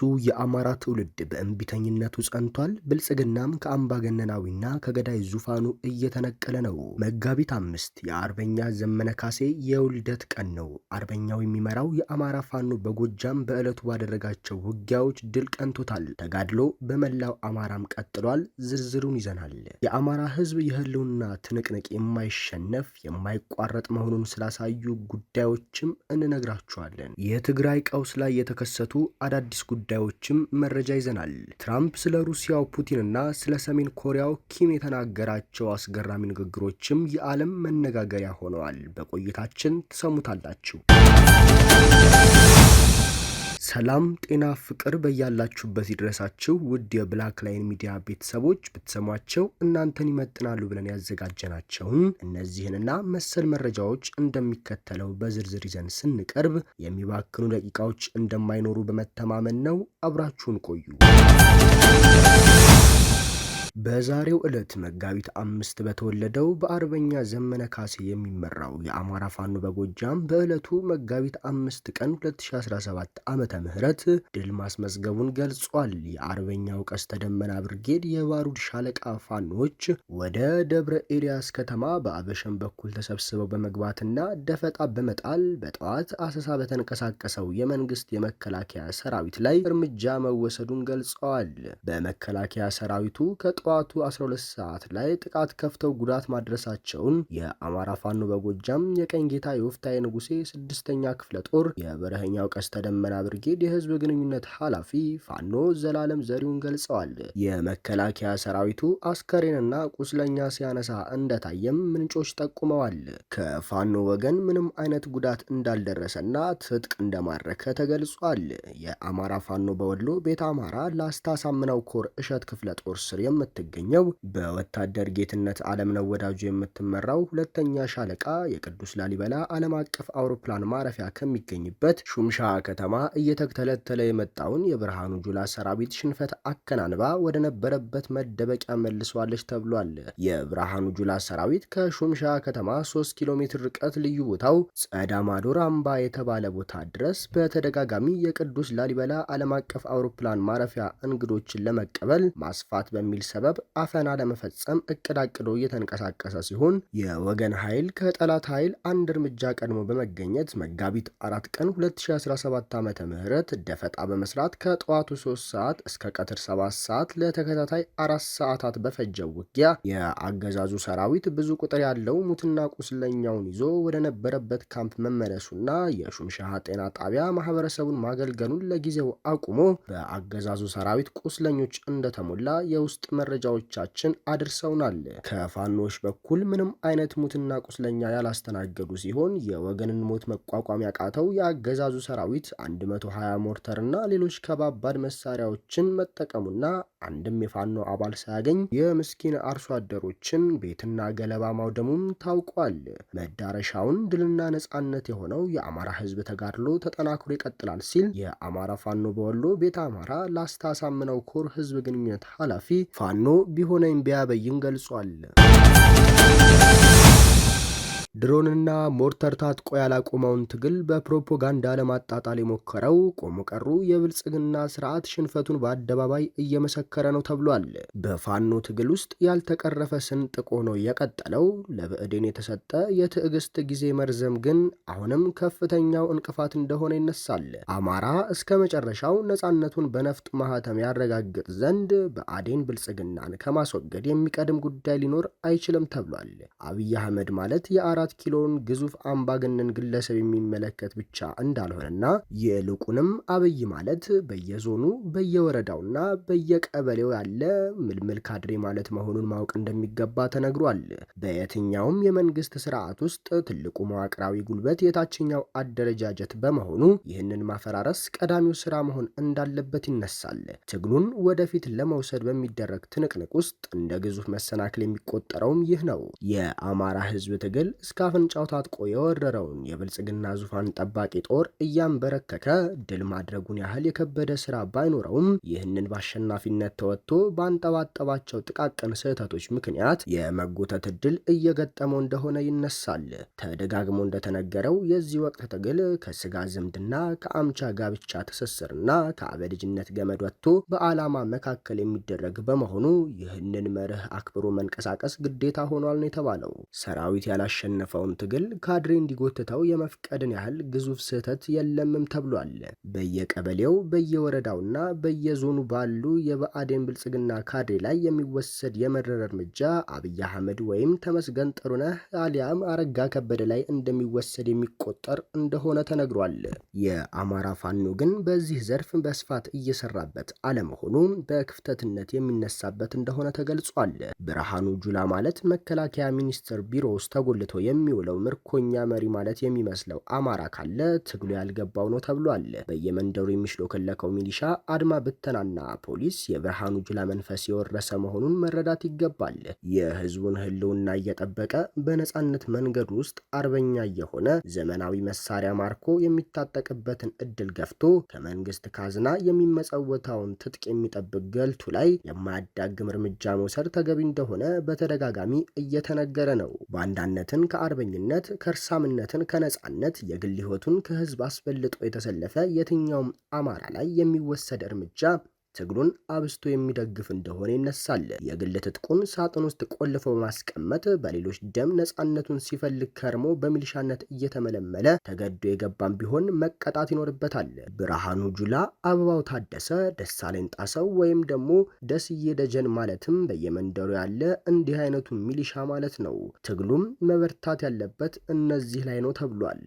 አዲሱ የአማራ ትውልድ በእምቢተኝነቱ ጸንቷል። ብልጽግናም ከአምባገነናዊና ከገዳይ ዙፋኑ እየተነቀለ ነው። መጋቢት አምስት የአርበኛ ዘመነ ካሴ የውልደት ቀን ነው። አርበኛው የሚመራው የአማራ ፋኖ በጎጃም በዕለቱ ባደረጋቸው ውጊያዎች ድል ቀንቶታል። ተጋድሎ በመላው አማራም ቀጥሏል። ዝርዝሩን ይዘናል። የአማራ ሕዝብ የህልውና ትንቅንቅ የማይሸነፍ የማይቋረጥ መሆኑን ስላሳዩ ጉዳዮችም እንነግራችኋለን። የትግራይ ቀውስ ላይ የተከሰቱ አዳዲስ ጉዳዮች ጉዳዮችም መረጃ ይዘናል። ትራምፕ ስለ ሩሲያው ፑቲንና ስለ ሰሜን ኮሪያው ኪም የተናገራቸው አስገራሚ ንግግሮችም የዓለም መነጋገሪያ ሆነዋል። በቆይታችን ትሰሙታላችሁ። ሰላም ጤና ፍቅር በያላችሁበት ይድረሳችሁ ውድ የብላክ ላይን ሚዲያ ቤተሰቦች ብትሰሟቸው እናንተን ይመጥናሉ ብለን ያዘጋጀናቸውን እነዚህንና መሰል መረጃዎች እንደሚከተለው በዝርዝር ይዘን ስንቀርብ የሚባክኑ ደቂቃዎች እንደማይኖሩ በመተማመን ነው። አብራችሁን ቆዩ። በዛሬው ዕለት መጋቢት አምስት በተወለደው በአርበኛ ዘመነ ካሴ የሚመራው የአማራ ፋኖ በጎጃም በዕለቱ መጋቢት አምስት ቀን 2017 ዓመተ ምህረት ድል ማስመዝገቡን ገልጿል። የአርበኛው ቀስተ ደመና ብርጌድ የባሩድ ሻለቃ ፋኖች ወደ ደብረ ኤልያስ ከተማ በአበሸን በኩል ተሰብስበው በመግባትና ደፈጣ በመጣል በጠዋት አሰሳ በተንቀሳቀሰው የመንግስት የመከላከያ ሰራዊት ላይ እርምጃ መወሰዱን ገልጸዋል። በመከላከያ ሰራዊቱ ከ በጠዋቱ 12 ሰዓት ላይ ጥቃት ከፍተው ጉዳት ማድረሳቸውን የአማራ ፋኖ በጎጃም የቀኝ ጌታ የወፍታዬ ንጉሴ ስድስተኛ ክፍለ ጦር የበረሀኛው ቀስተ ደመና ብርጌድ የህዝብ ግንኙነት ኃላፊ ፋኖ ዘላለም ዘሪውን ገልጸዋል። የመከላከያ ሰራዊቱ አስከሬንና ቁስለኛ ሲያነሳ እንደታየም ምንጮች ጠቁመዋል። ከፋኖ ወገን ምንም አይነት ጉዳት እንዳልደረሰና ትጥቅ እንደማረከ ተገልጿል። የአማራ ፋኖ በወሎ ቤተ አማራ ላስታ ሳምነው ኮር እሸት ክፍለ ጦር ስር የምት የምትገኘው በወታደር ጌትነት አለምነው ወዳጁ የምትመራው ሁለተኛ ሻለቃ የቅዱስ ላሊበላ ዓለም አቀፍ አውሮፕላን ማረፊያ ከሚገኝበት ሹምሻ ከተማ እየተተለተለ የመጣውን የብርሃኑ ጁላ ሰራዊት ሽንፈት አከናንባ ወደ ነበረበት መደበቂያ መልሷለች ተብሏል። የብርሃኑ ጁላ ሰራዊት ከሹምሻ ከተማ 3 ኪሎ ሜትር ርቀት ልዩ ቦታው ጸዳ አምባ የተባለ ቦታ ድረስ በተደጋጋሚ የቅዱስ ላሊበላ ዓለም አቀፍ አውሮፕላን ማረፊያ እንግዶችን ለመቀበል ማስፋት በሚል ሰበብ አፈና ለመፈጸም እቅድ አቅዶ እየተንቀሳቀሰ ሲሆን የወገን ኃይል ከጠላት ኃይል አንድ እርምጃ ቀድሞ በመገኘት መጋቢት አራት ቀን 2017 ዓ ም ደፈጣ በመስራት ከጠዋቱ 3 ሰዓት እስከ ቀትር 7 ሰዓት ለተከታታይ አራት ሰዓታት በፈጀው ውጊያ የአገዛዙ ሰራዊት ብዙ ቁጥር ያለው ሙትና ቁስለኛውን ይዞ ወደ ነበረበት ካምፕ መመለሱና የሹምሻሃ ጤና ጣቢያ ማህበረሰቡን ማገልገሉን ለጊዜው አቁሞ በአገዛዙ ሰራዊት ቁስለኞች እንደተሞላ የውስጥ መ መረጃዎቻችን አድርሰውናል። ከፋኖች በኩል ምንም አይነት ሙትና ቁስለኛ ያላስተናገዱ ሲሆን የወገንን ሞት መቋቋም ያቃተው የአገዛዙ ሰራዊት 120 ሞርተርና ሌሎች ከባባድ መሳሪያዎችን መጠቀሙና አንድም የፋኖ አባል ሳያገኝ የምስኪን አርሶ አደሮችን ቤትና ገለባ ማውደሙም ታውቋል። መዳረሻውን ድልና ነጻነት የሆነው የአማራ ሕዝብ ተጋድሎ ተጠናክሮ ይቀጥላል ሲል የአማራ ፋኖ በወሎ ቤተ አማራ ላስታ አሳምነው ኮር ህዝብ ግንኙነት ኃላፊ ፋኖ ቢሆነኝ ቢያበይን ገልጿል። ድሮንና ሞርተር ታጥቆ ያላቆመውን ትግል በፕሮፓጋንዳ ለማጣጣል የሞከረው ቆሞ ቀሩ የብልጽግና ስርዓት ሽንፈቱን በአደባባይ እየመሰከረ ነው ተብሏል። በፋኖ ትግል ውስጥ ያልተቀረፈ ስንጥቅ ሆኖ የቀጠለው ለብዕዴን የተሰጠ የትዕግስት ጊዜ መርዘም ግን አሁንም ከፍተኛው እንቅፋት እንደሆነ ይነሳል። አማራ እስከ መጨረሻው ነጻነቱን በነፍጥ ማህተም ያረጋግጥ ዘንድ በአዴን ብልጽግናን ከማስወገድ የሚቀድም ጉዳይ ሊኖር አይችልም ተብሏል። አብይ አህመድ ማለት የአ አራት ኪሎን ግዙፍ አምባገነን ግለሰብ የሚመለከት ብቻ እንዳልሆነና ይልቁንም አብይ ማለት በየዞኑ በየወረዳውና በየቀበሌው ያለ ምልምል ካድሬ ማለት መሆኑን ማወቅ እንደሚገባ ተነግሯል። በየትኛውም የመንግስት ስርዓት ውስጥ ትልቁ መዋቅራዊ ጉልበት የታችኛው አደረጃጀት በመሆኑ ይህንን ማፈራረስ ቀዳሚው ስራ መሆን እንዳለበት ይነሳል። ትግሉን ወደፊት ለመውሰድ በሚደረግ ትንቅንቅ ውስጥ እንደ ግዙፍ መሰናክል የሚቆጠረውም ይህ ነው። የአማራ ህዝብ ትግል እስከ አፍንጫው ታጥቆ የወረረውን የብልጽግና ዙፋን ጠባቂ ጦር እያንበረከከ ድል ማድረጉን ያህል የከበደ ስራ ባይኖረውም ይህንን በአሸናፊነት ተወጥቶ ባንጠባጠባቸው ጥቃቅን ስህተቶች ምክንያት የመጎተት ድል እየገጠመው እንደሆነ ይነሳል። ተደጋግሞ እንደተነገረው የዚህ ወቅት ትግል ከስጋ ዝምድና፣ ከአምቻ ጋብቻ ትስስርና ከአበልጅነት ገመድ ወጥቶ በዓላማ መካከል የሚደረግ በመሆኑ ይህንን መርህ አክብሮ መንቀሳቀስ ግዴታ ሆኗል ነው የተባለው። ሰራዊት ያላሸና ያሸነፈውን ትግል ካድሬ እንዲጎትተው የመፍቀድን ያህል ግዙፍ ስህተት የለምም ተብሏል። በየቀበሌው በየወረዳውና በየዞኑ ባሉ የብአዴን ብልጽግና ካድሬ ላይ የሚወሰድ የመረር እርምጃ አብይ አህመድ ወይም ተመስገን ጥሩነህ አሊያም አረጋ ከበደ ላይ እንደሚወሰድ የሚቆጠር እንደሆነ ተነግሯል። የአማራ ፋኖ ግን በዚህ ዘርፍ በስፋት እየሰራበት አለመሆኑ በክፍተትነት የሚነሳበት እንደሆነ ተገልጿል። ብርሃኑ ጁላ ማለት መከላከያ ሚኒስቴር ቢሮ ውስጥ ተጎልቶ የሚውለው ምርኮኛ መሪ ማለት የሚመስለው አማራ ካለ ትግሉ ያልገባው ነው ተብሏል። በየመንደሩ የሚሽሎከለከው ሚሊሻ አድማ ብተናና ፖሊስ የብርሃኑ ጁላ መንፈስ የወረሰ መሆኑን መረዳት ይገባል። የህዝቡን ህልውና እየጠበቀ በነጻነት መንገድ ውስጥ አርበኛ የሆነ ዘመናዊ መሳሪያ ማርኮ የሚታጠቅበትን እድል ገፍቶ ከመንግስት ካዝና የሚመጸወታውን ትጥቅ የሚጠብቅ ገልቱ ላይ የማያዳግም እርምጃ መውሰድ ተገቢ እንደሆነ በተደጋጋሚ እየተነገረ ነው። ባንዳነትን ከ ከአርበኝነት ከእርሳምነትን ከነጻነት የግል ህይወቱን ከህዝብ አስበልጦ የተሰለፈ የትኛውም አማራ ላይ የሚወሰድ እርምጃ ትግሉን አብስቶ የሚደግፍ እንደሆነ ይነሳል። የግል ትጥቁን ሳጥን ውስጥ ቆልፎ በማስቀመጥ በሌሎች ደም ነጻነቱን ሲፈልግ ከርሞ በሚሊሻነት እየተመለመለ ተገዶ የገባም ቢሆን መቀጣት ይኖርበታል። ብርሃኑ ጁላ፣ አበባው ታደሰ፣ ደሳለኝ ጣሰው ወይም ደግሞ ደስዬ ደጀን ማለትም በየመንደሩ ያለ እንዲህ አይነቱ ሚሊሻ ማለት ነው። ትግሉም መበርታት ያለበት እነዚህ ላይ ነው ተብሏል።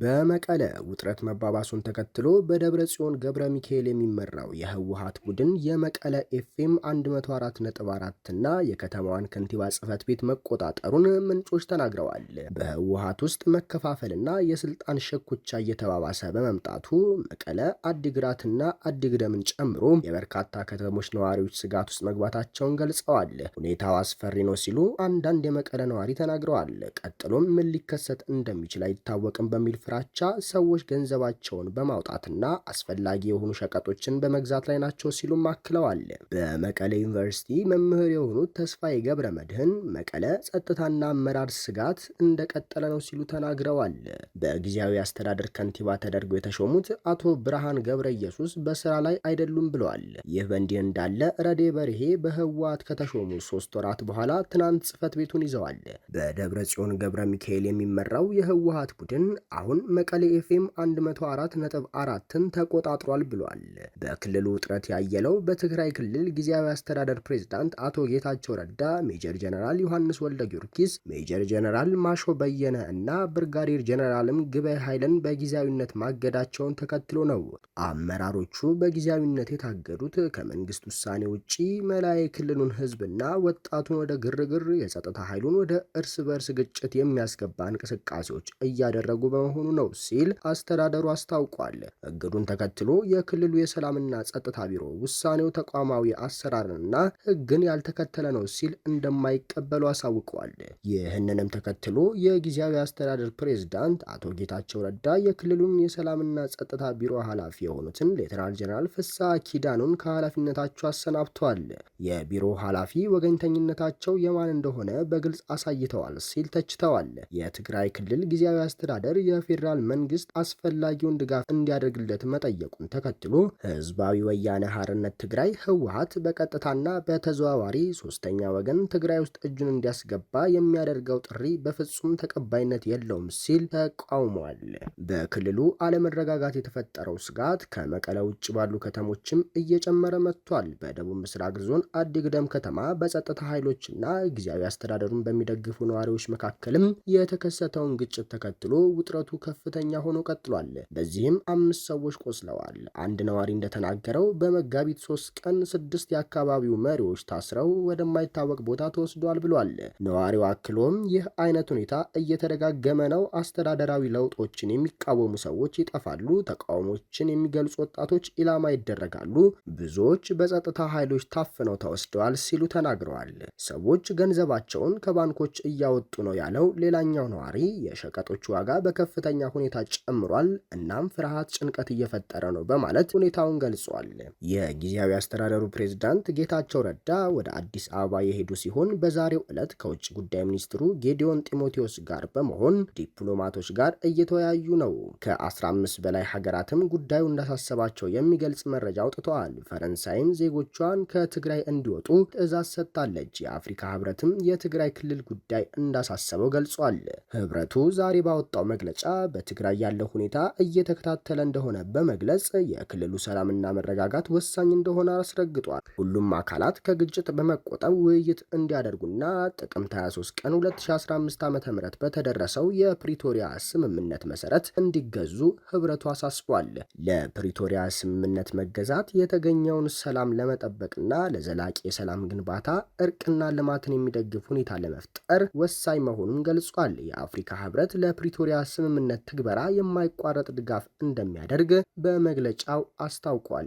በመቀለ ውጥረት መባባሱን ተከትሎ በደብረ ጽዮን ገብረ ሚካኤል የሚመራው የህወሀት ቡድን የመቀለ ኤፍኤም 4 እና የከተማዋን ከንቲባ ጽህፈት ቤት መቆጣጠሩን ምንጮች ተናግረዋል። በህወሀት ውስጥ መከፋፈልና የስልጣን ሸኩቻ እየተባባሰ በመምጣቱ መቀለ፣ አዲግራትና አዲግደምን ጨምሮ የበርካታ ከተሞች ነዋሪዎች ስጋት ውስጥ መግባታቸውን ገልጸዋል። ሁኔታው አስፈሪ ነው ሲሉ አንዳንድ የመቀለ ነዋሪ ተናግረዋል። ቀጥሎም ምን ሊከሰት እንደሚችል አይታወቅም በሚል ፍራቻ ሰዎች ገንዘባቸውን በማውጣትና አስፈላጊ የሆኑ ሸቀጦችን በመግዛት ላይ ናቸው ሲሉም አክለዋል። በመቀለ ዩኒቨርሲቲ መምህር የሆኑት ተስፋዬ ገብረ መድህን መቀለ ጸጥታና አመራር ስጋት እንደቀጠለ ነው ሲሉ ተናግረዋል። በጊዜያዊ አስተዳደር ከንቲባ ተደርገው የተሾሙት አቶ ብርሃን ገብረ ኢየሱስ በስራ ላይ አይደሉም ብለዋል። ይህ በእንዲህ እንዳለ ረዴ በርሄ በህወሓት ከተሾሙ ሶስት ወራት በኋላ ትናንት ጽህፈት ቤቱን ይዘዋል። በደብረ ጽዮን ገብረ ሚካኤል የሚመራው የህወሓት ቡድን አሁን አሁን መቀሌ ኤፍኤም 104.4ን ተቆጣጥሯል ብሏል። በክልሉ ውጥረት ያየለው በትግራይ ክልል ጊዜያዊ አስተዳደር ፕሬዝዳንት አቶ ጌታቸው ረዳ፣ ሜጀር ጀነራል ዮሐንስ ወልደ ጊዮርጊስ፣ ሜጀር ጀነራል ማሾ በየነ እና ብርጋዴር ጀነራልም ግበይ ኃይልን በጊዜያዊነት ማገዳቸውን ተከትሎ ነው። አመራሮቹ በጊዜያዊነት የታገዱት ከመንግስት ውሳኔ ውጪ መላ የክልሉን ህዝብና ወጣቱን ወደ ግርግር፣ የጸጥታ ኃይሉን ወደ እርስ በርስ ግጭት የሚያስገባ እንቅስቃሴዎች እያደረጉ በመሆኑ መሆኑ ነው ሲል አስተዳደሩ አስታውቋል። እግዱን ተከትሎ የክልሉ የሰላምና ጸጥታ ቢሮ ውሳኔው ተቋማዊ አሰራርንና ሕግን ያልተከተለ ነው ሲል እንደማይቀበሉ አሳውቀዋል። ይህንንም ተከትሎ የጊዜያዊ አስተዳደር ፕሬዝዳንት አቶ ጌታቸው ረዳ የክልሉን የሰላምና ጸጥታ ቢሮ ኃላፊ የሆኑትን ሌተናል ጀነራል ፍሳ ኪዳኑን ከኃላፊነታቸው አሰናብተዋል። የቢሮ ኃላፊ ወገኝተኝነታቸው የማን እንደሆነ በግልጽ አሳይተዋል ሲል ተችተዋል። የትግራይ ክልል ጊዜያዊ አስተዳደር የ የፌዴራል መንግስት አስፈላጊውን ድጋፍ እንዲያደርግለት መጠየቁን ተከትሎ ህዝባዊ ወያነ ሐርነት ትግራይ ህወሀት በቀጥታና በተዘዋዋሪ ሶስተኛ ወገን ትግራይ ውስጥ እጁን እንዲያስገባ የሚያደርገው ጥሪ በፍጹም ተቀባይነት የለውም ሲል ተቃውሟል። በክልሉ አለመረጋጋት የተፈጠረው ስጋት ከመቀለ ውጭ ባሉ ከተሞችም እየጨመረ መጥቷል። በደቡብ ምስራቅ ዞን አዲግደም ከተማ በጸጥታ ኃይሎችና ጊዜያዊ አስተዳደሩን በሚደግፉ ነዋሪዎች መካከልም የተከሰተውን ግጭት ተከትሎ ውጥረቱ ከፍተኛ ሆኖ ቀጥሏል። በዚህም አምስት ሰዎች ቆስለዋል። አንድ ነዋሪ እንደተናገረው በመጋቢት ሶስት ቀን ስድስት የአካባቢው መሪዎች ታስረው ወደማይታወቅ ቦታ ተወስዷል ብሏል። ነዋሪው አክሎም ይህ አይነት ሁኔታ እየተደጋገመ ነው፣ አስተዳደራዊ ለውጦችን የሚቃወሙ ሰዎች ይጠፋሉ፣ ተቃውሞችን የሚገልጹ ወጣቶች ኢላማ ይደረጋሉ፣ ብዙዎች በጸጥታ ኃይሎች ታፍነው ተወስደዋል ሲሉ ተናግረዋል። ሰዎች ገንዘባቸውን ከባንኮች እያወጡ ነው ያለው ሌላኛው ነዋሪ የሸቀጦች ዋጋ በከፍ በከፍተኛ ሁኔታ ጨምሯል። እናም ፍርሃት፣ ጭንቀት እየፈጠረ ነው በማለት ሁኔታውን ገልጿል። የጊዜያዊ አስተዳደሩ ፕሬዝዳንት ጌታቸው ረዳ ወደ አዲስ አበባ የሄዱ ሲሆን በዛሬው ዕለት ከውጭ ጉዳይ ሚኒስትሩ ጌዲዮን ጢሞቴዎስ ጋር በመሆን ዲፕሎማቶች ጋር እየተወያዩ ነው። ከ15 በላይ ሀገራትም ጉዳዩ እንዳሳሰባቸው የሚገልጽ መረጃ አውጥተዋል። ፈረንሳይም ዜጎቿን ከትግራይ እንዲወጡ ትዕዛዝ ሰጥታለች። የአፍሪካ ህብረትም የትግራይ ክልል ጉዳይ እንዳሳሰበው ገልጿል። ህብረቱ ዛሬ ባወጣው መግለጫ በትግራይ ያለው ሁኔታ እየተከታተለ እንደሆነ በመግለጽ የክልሉ ሰላምና መረጋጋት ወሳኝ እንደሆነ አስረግጧል። ሁሉም አካላት ከግጭት በመቆጠብ ውይይት እንዲያደርጉና ጥቅምት 23 ቀን 2015 ዓ.ም በተደረሰው የፕሪቶሪያ ስምምነት መሰረት እንዲገዙ ህብረቱ አሳስቧል። ለፕሪቶሪያ ስምምነት መገዛት የተገኘውን ሰላም ለመጠበቅና ለዘላቂ የሰላም ግንባታ እርቅና ልማትን የሚደግፍ ሁኔታ ለመፍጠር ወሳኝ መሆኑን ገልጿል። የአፍሪካ ህብረት ለፕሪቶሪያ ስምምነት ስምምነት ትግበራ የማይቋረጥ ድጋፍ እንደሚያደርግ በመግለጫው አስታውቋል።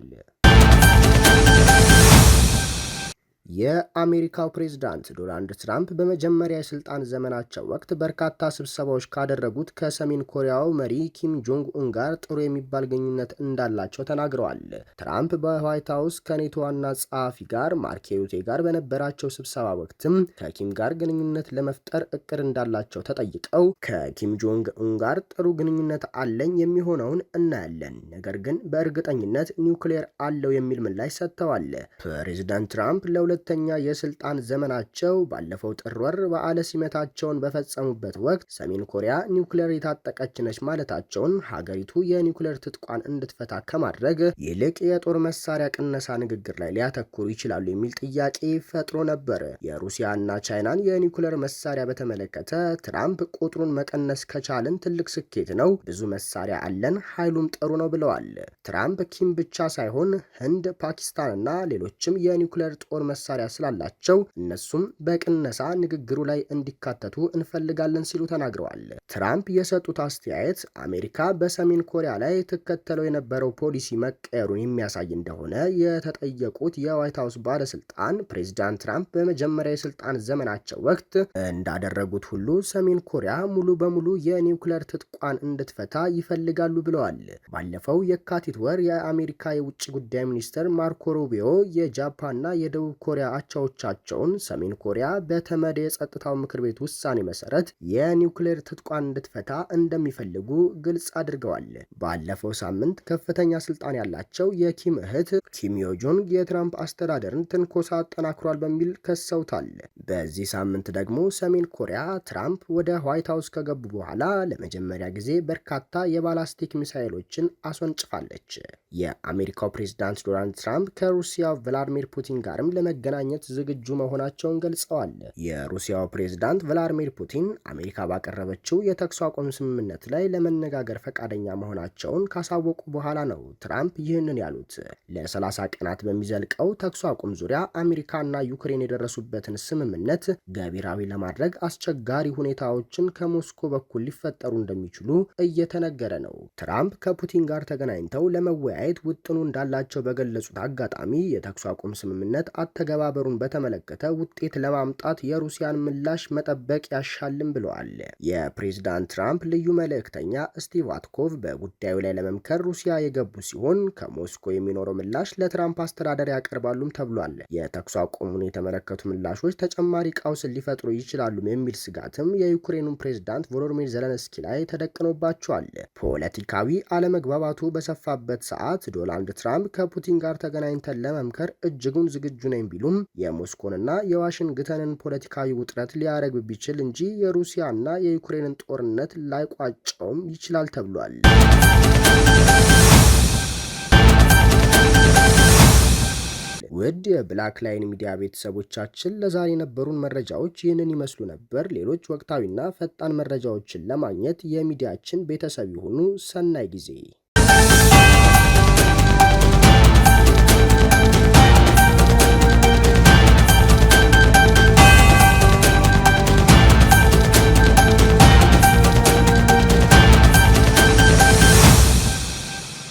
የአሜሪካው ፕሬዝዳንት ዶናልድ ትራምፕ በመጀመሪያ የስልጣን ዘመናቸው ወቅት በርካታ ስብሰባዎች ካደረጉት ከሰሜን ኮሪያው መሪ ኪም ጆንግ ኡን ጋር ጥሩ የሚባል ግንኙነት እንዳላቸው ተናግረዋል። ትራምፕ በዋይት ሀውስ ከኔቶ ዋና ጸሐፊ ጋር ማርክ ሩቴ ጋር በነበራቸው ስብሰባ ወቅትም ከኪም ጋር ግንኙነት ለመፍጠር እቅድ እንዳላቸው ተጠይቀው ከኪም ጆንግ ኡን ጋር ጥሩ ግንኙነት አለኝ፣ የሚሆነውን እናያለን፣ ነገር ግን በእርግጠኝነት ኒውክሌር አለው የሚል ምላሽ ሰጥተዋል። ፕሬዝዳንት ትራምፕ ለሁለት ሁለተኛ የስልጣን ዘመናቸው ባለፈው ጥር ወር በዓለ ሲመታቸውን በፈጸሙበት ወቅት ሰሜን ኮሪያ ኒውክሌር የታጠቀች ነች ማለታቸውን ሀገሪቱ የኒውክሌር ትጥቋን እንድትፈታ ከማድረግ ይልቅ የጦር መሳሪያ ቅነሳ ንግግር ላይ ሊያተኩሩ ይችላሉ የሚል ጥያቄ ፈጥሮ ነበር። የሩሲያና ቻይናን የኒውክሌር መሳሪያ በተመለከተ ትራምፕ ቁጥሩን መቀነስ ከቻልን ትልቅ ስኬት ነው፣ ብዙ መሳሪያ አለን፣ ኃይሉም ጥሩ ነው ብለዋል። ትራምፕ ኪም ብቻ ሳይሆን ህንድ፣ ፓኪስታንና ሌሎችም የኒውክሌር ጦር መሳሪያ መሳሪያ ስላላቸው እነሱም በቅነሳ ንግግሩ ላይ እንዲካተቱ እንፈልጋለን ሲሉ ተናግረዋል። ትራምፕ የሰጡት አስተያየት አሜሪካ በሰሜን ኮሪያ ላይ ትከተለው የነበረው ፖሊሲ መቀየሩን የሚያሳይ እንደሆነ የተጠየቁት የዋይት ሀውስ ባለስልጣን ፕሬዚዳንት ትራምፕ በመጀመሪያ የስልጣን ዘመናቸው ወቅት እንዳደረጉት ሁሉ ሰሜን ኮሪያ ሙሉ በሙሉ የኒውክለር ትጥቋን እንድትፈታ ይፈልጋሉ ብለዋል። ባለፈው የካቲት ወር የአሜሪካ የውጭ ጉዳይ ሚኒስትር ማርኮ ሩቢዮ የጃፓንና የደቡብ ኮሪያ አቻዎቻቸውን ሰሜን ኮሪያ በተመድ የጸጥታው ምክር ቤት ውሳኔ መሰረት የኒውክሌር ትጥቋን እንድትፈታ እንደሚፈልጉ ግልጽ አድርገዋል። ባለፈው ሳምንት ከፍተኛ ስልጣን ያላቸው የኪም እህት ኪም ዮጆንግ የትራምፕ አስተዳደርን ትንኮሳ አጠናክሯል በሚል ከሰውታል። በዚህ ሳምንት ደግሞ ሰሜን ኮሪያ ትራምፕ ወደ ዋይት ሀውስ ከገቡ በኋላ ለመጀመሪያ ጊዜ በርካታ የባላስቲክ ሚሳይሎችን አስወንጭፋለች። የአሜሪካው ፕሬዝዳንት ዶናልድ ትራምፕ ከሩሲያ ቭላዲሚር ፑቲን ጋርም ለመገናኘት ለመገናኘት ዝግጁ መሆናቸውን ገልጸዋል። የሩሲያው ፕሬዝዳንት ቭላድሚር ፑቲን አሜሪካ ባቀረበችው የተኩስ አቁም ስምምነት ላይ ለመነጋገር ፈቃደኛ መሆናቸውን ካሳወቁ በኋላ ነው ትራምፕ ይህንን ያሉት። ለ30 ቀናት በሚዘልቀው ተኩስ አቁም ዙሪያ አሜሪካና ዩክሬን የደረሱበትን ስምምነት ገቢራዊ ለማድረግ አስቸጋሪ ሁኔታዎችን ከሞስኮ በኩል ሊፈጠሩ እንደሚችሉ እየተነገረ ነው። ትራምፕ ከፑቲን ጋር ተገናኝተው ለመወያየት ውጥኑ እንዳላቸው በገለጹት አጋጣሚ የተኩስ አቁም ስምምነት አተገባ መተባበሩን በተመለከተ ውጤት ለማምጣት የሩሲያን ምላሽ መጠበቅ ያሻልም ብለዋል። የፕሬዝዳንት ትራምፕ ልዩ መልእክተኛ ስቲቭ በጉዳዩ ላይ ለመምከር ሩሲያ የገቡ ሲሆን ከሞስኮ የሚኖረው ምላሽ ለትራምፕ አስተዳደር ያቀርባሉም ተብሏል። የተኩስ አቁሙን የተመለከቱ ምላሾች ተጨማሪ ቀውስን ሊፈጥሩ ይችላሉም የሚል ስጋትም የዩክሬኑን ፕሬዝዳንት ቮሎዲሚር ዘለንስኪ ላይ ተደቅኖባቸዋል። ፖለቲካዊ አለመግባባቱ በሰፋበት ሰዓት ዶናልድ ትራምፕ ከፑቲን ጋር ተገናኝተን ለመምከር እጅጉን ዝግጁ ነኝ ቢሉም ቢሆንም የሞስኮንና የዋሽንግተንን ፖለቲካዊ ውጥረት ሊያረግብ ቢችል እንጂ የሩሲያና የዩክሬንን ጦርነት ላይቋጨውም ይችላል ተብሏል። ውድ የብላክ ላይን ሚዲያ ቤተሰቦቻችን ለዛሬ የነበሩን መረጃዎች ይህንን ይመስሉ ነበር። ሌሎች ወቅታዊና ፈጣን መረጃዎችን ለማግኘት የሚዲያችን ቤተሰብ የሆኑ ሰናይ ጊዜ